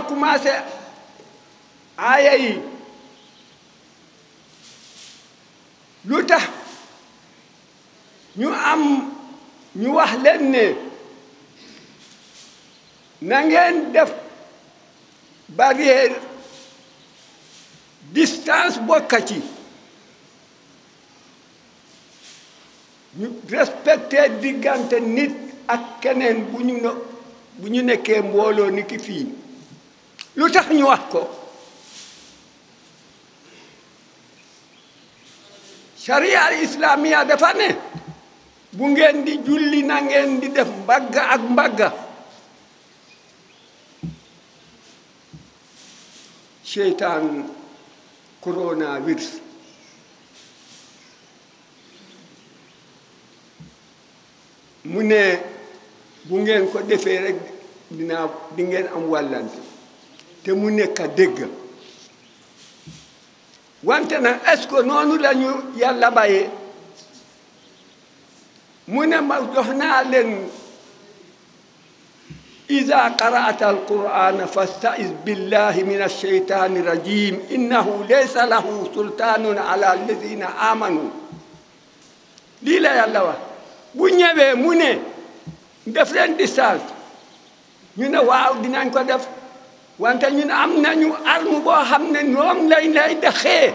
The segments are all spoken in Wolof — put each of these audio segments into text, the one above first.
dafa commencé lu tax ñu am ñu wax leen ne na def barrière distance bokka ci ñu respecté diggante nit ak keneen bu ñu ne bu ñu mbooloo ni lu tax ñu wax ko sharia al islamiya dafa ne bu ngeen di julli na ngeen di def mbagga ak mbagga seytaan coronavirus mu ne bu ngeen ko defee rek dinaa di ngeen am wàllante mu nekk dégg wante nag est-ce que noonu la ñu yàlla bàyyee mu ne ma jox naa leen إذا قرأت القرآن فاستعذ بالله من الشيطان الرجيم إنه ليس له سلطان على الذين آمنوا ليلا يا الله بنيبه مني دفلن ديسال ñu ne waaw dinañ ko def wante ñun am nañu arme boo xam ne ñoom lay lay daxee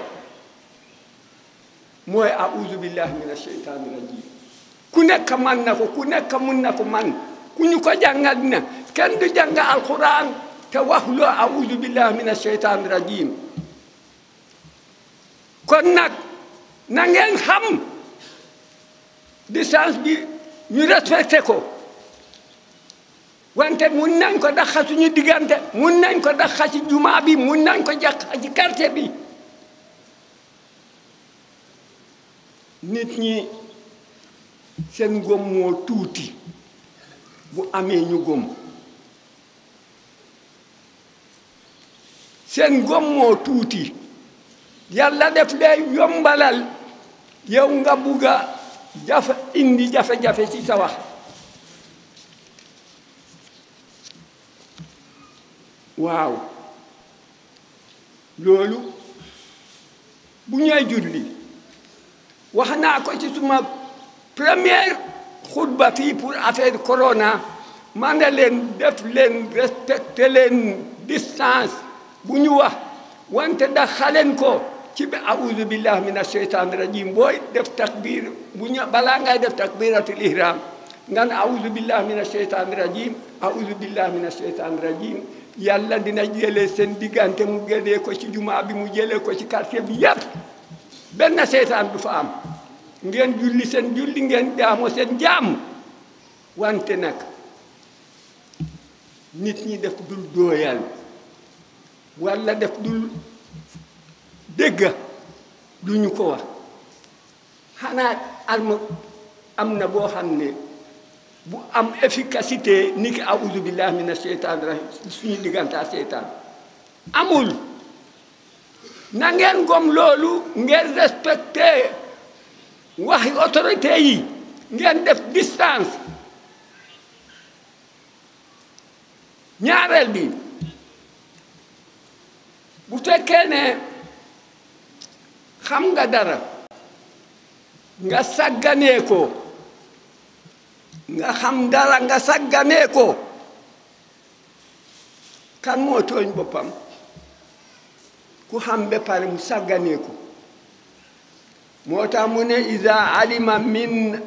mooy auzu billahi mina sheytaani rajim ku nekk man na ko ku nekk mun na ko man ku ñu ko jàngal na kenn du jàng alquran te waxuloo auzu billahi mina sheytaani rajim kon nag na ngeen xam distance bi ñu respecté ko wante mun nañ ko daxa suñu diggante mun nañ ko daxa ci jumaa bi mun nañ ko jaxa ci quartier bi nit ñi seen góom tuuti bu amee ñu góom seen góom tuuti yàlla def day yombalal yow nga bugg a jafe indi jafe-jafe ci sa waaw loolu bu ñuy julli wax naa ko ci suma première xutba fii pour affaire corona ma leen def leen respecté leen distance bu ñu wax wante da leen ko ci bi auzu billahi min asheytan rajim booy def takbir bu ñu balaa ngay def takbiratul ihram nga ne auzu billahi min asheytan rajim auzu billahi min asheytan rajim yàlla dina jëlee seen diggante mu jëlee ko ci jumaa bi mu jëlee ko ci quartier bi yépp benn seetaan du fa am ngeen julli seen julli ngeen jaamoo seen jaam wante nag nit ñi def dul dooyal walla def dul dégga du ñu ko wax xanaa alma am na boo xam ne bu am efficacité ni ki awuzu billahi mina seytaani suñu diggante ak seytaan amul na gom loolu ngeen respecté waxi autorité ngeen def distance ñaareel bi bu fekkee xam nga dara nga sàgganee ko nga xam dara nga sagganee kan moo tooñ boppam ku xam pare mu sagganee ko moo tax mu ne alima min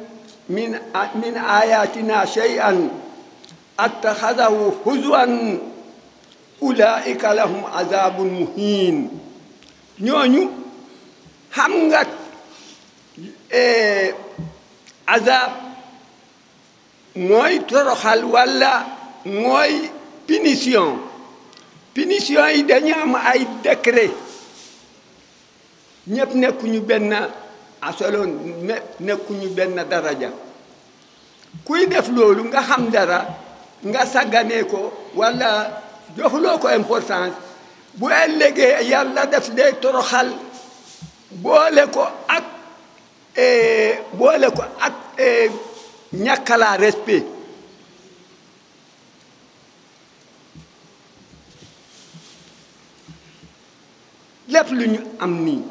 min min ayatina shay'an attaxadahu huzwan lahum azabun muhin ñooñu xam nga eh, azab mooy toroxal walla mooy punition punition yi dañu am ay décret ñëpp nekkuñu benn asoloon nekkuñu benn daraja kuy def loolu nga xam dara nga sàgganee ko walla joxuloo ko importance bu ëllëgee yàlla def dee toroxal boole ko ak eh, boole ko ak eh, ñàkk laa respect lépp lu ñu am nii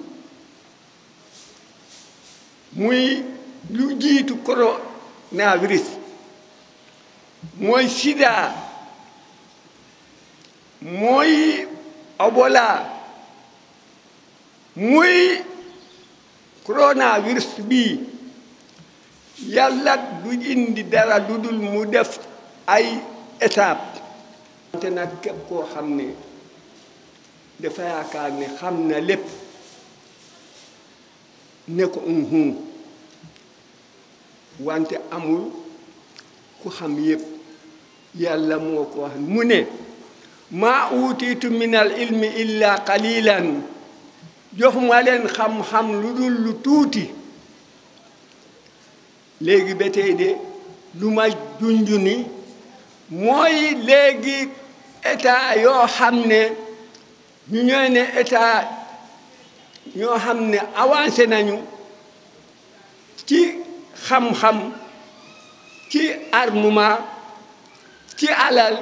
muy lu jiitu coronavirus mooy sida mooy Ebola muy coronavirus bii yàlla du indi dara lu dul mu def ay étape te nag képp koo xam ne dafa yaakaar ne xam na lépp ne ko unhun wante amul ku xam yépp yàlla moo ko mu ne maa utiitu min al ilmi illa qalilan jox leen xam-xam lu dul lu tuuti léegi ba tey de lu ma junj mooy léegi état yoo xam ne ñu ñooy ne état ñoo xam ne avancé nañu ci xam-xam ci armement ci alal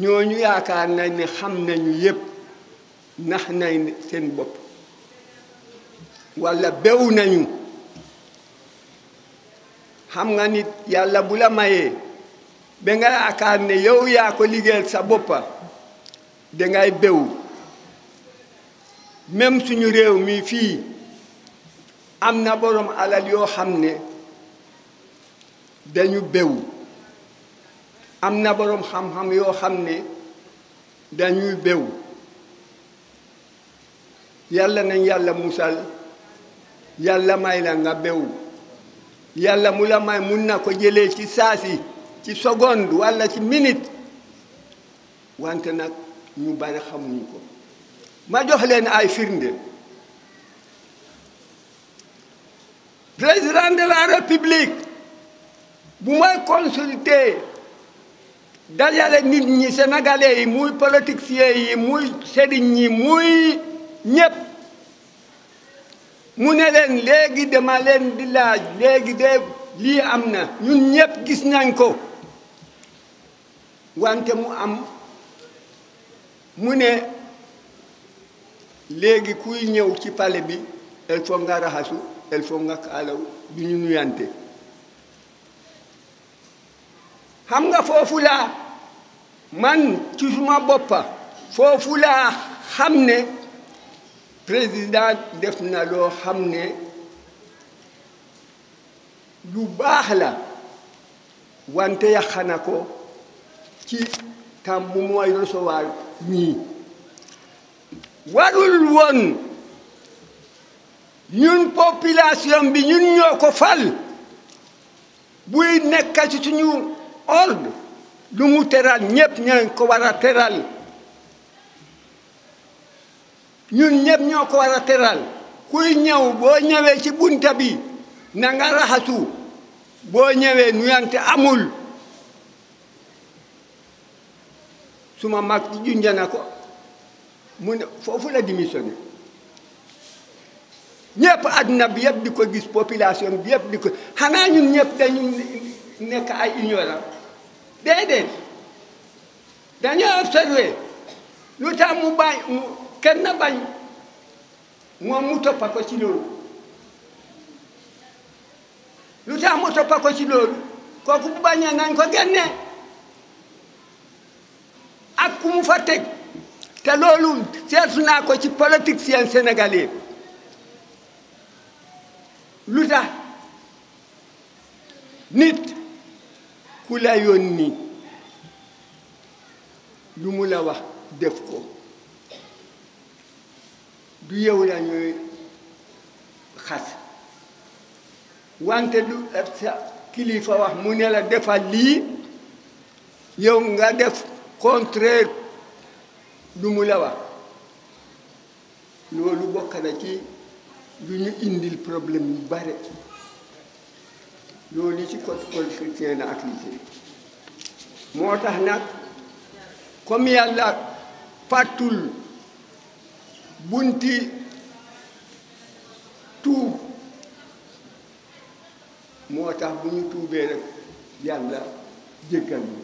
ñooñu yaakaar nañ ne xam nañu yépp nax nañ seen bopp walla bew nañu xam nga nit yàlla bu la mayee ba nga yaakaar ne yow yaa ko liggéeyal sa boppa dangay béw même suñu réew mi fii am na borom alal yoo xam ne dañu béw am na boroom xam-xam yoo xam ne dañuy béw yàlla nañ yàlla musal yàlla may la nga béw yàlla mu la may mun na ko jëlee ci saasi ci seconde walla ci minute wante nag ñu bari xamuñu ko ma jox leen ay firnde président de la république bu may consulter dajale nit ñi sénégalais yi muy politiciens yi muy sëriñ ñi muy ñëpp mu ne leen léegi dama leen di laaj léegi de lii am na ñun ñépp gis nañ ko wante mu am mu ne léegi kuy ñëw ci pale bi il nga raxasu il faut nga kaalaw du ñu nuyante xam nga foofu laa man ci suma boppa foofu laa xam ne président def na loo xam ne lu baax la wante yàq na ko ci tam mu mooy recevoir ñii warul woon ñun population bi ñun ñoo ko fal buy nekk ci suñu ordre lu mu teral ñëpp ñeen ko war a teral ñun ñëpp ñoo ko war a ñëw boo ñëwee ci bunta bi na nga raxasu boo ñëwee nuyante amul suma mag junja na ko mu ne foofu la démissionné ñëpp adduna bi yëpp di ko gis population bi yëpp di ko xanaa ñun ñëpp dañu nekk ay ignorant déedéet dañoo lu tax mu bàyyi kenn bañ moom mu toppa ko ci loolu lu tax mu toppa ko ci loolu kooku bu bañee nañ ko génne ak fa teg te loolu seetu naa ko ci politicien sénégalais lu tax nit ku la yónni lu mu la wax def ko du yow la ñuy xas wante du sa kilifa wax mu ne la defal lii yow nga def contraire du mu la wax loolu bokk na ci du ñu indil problème yu bare loolu ci code chrétien na ak liggéey moo tax nag comme yàlla fàttul ti tuub moo tax bu ñu tuubee nag yàlla jéggal ñu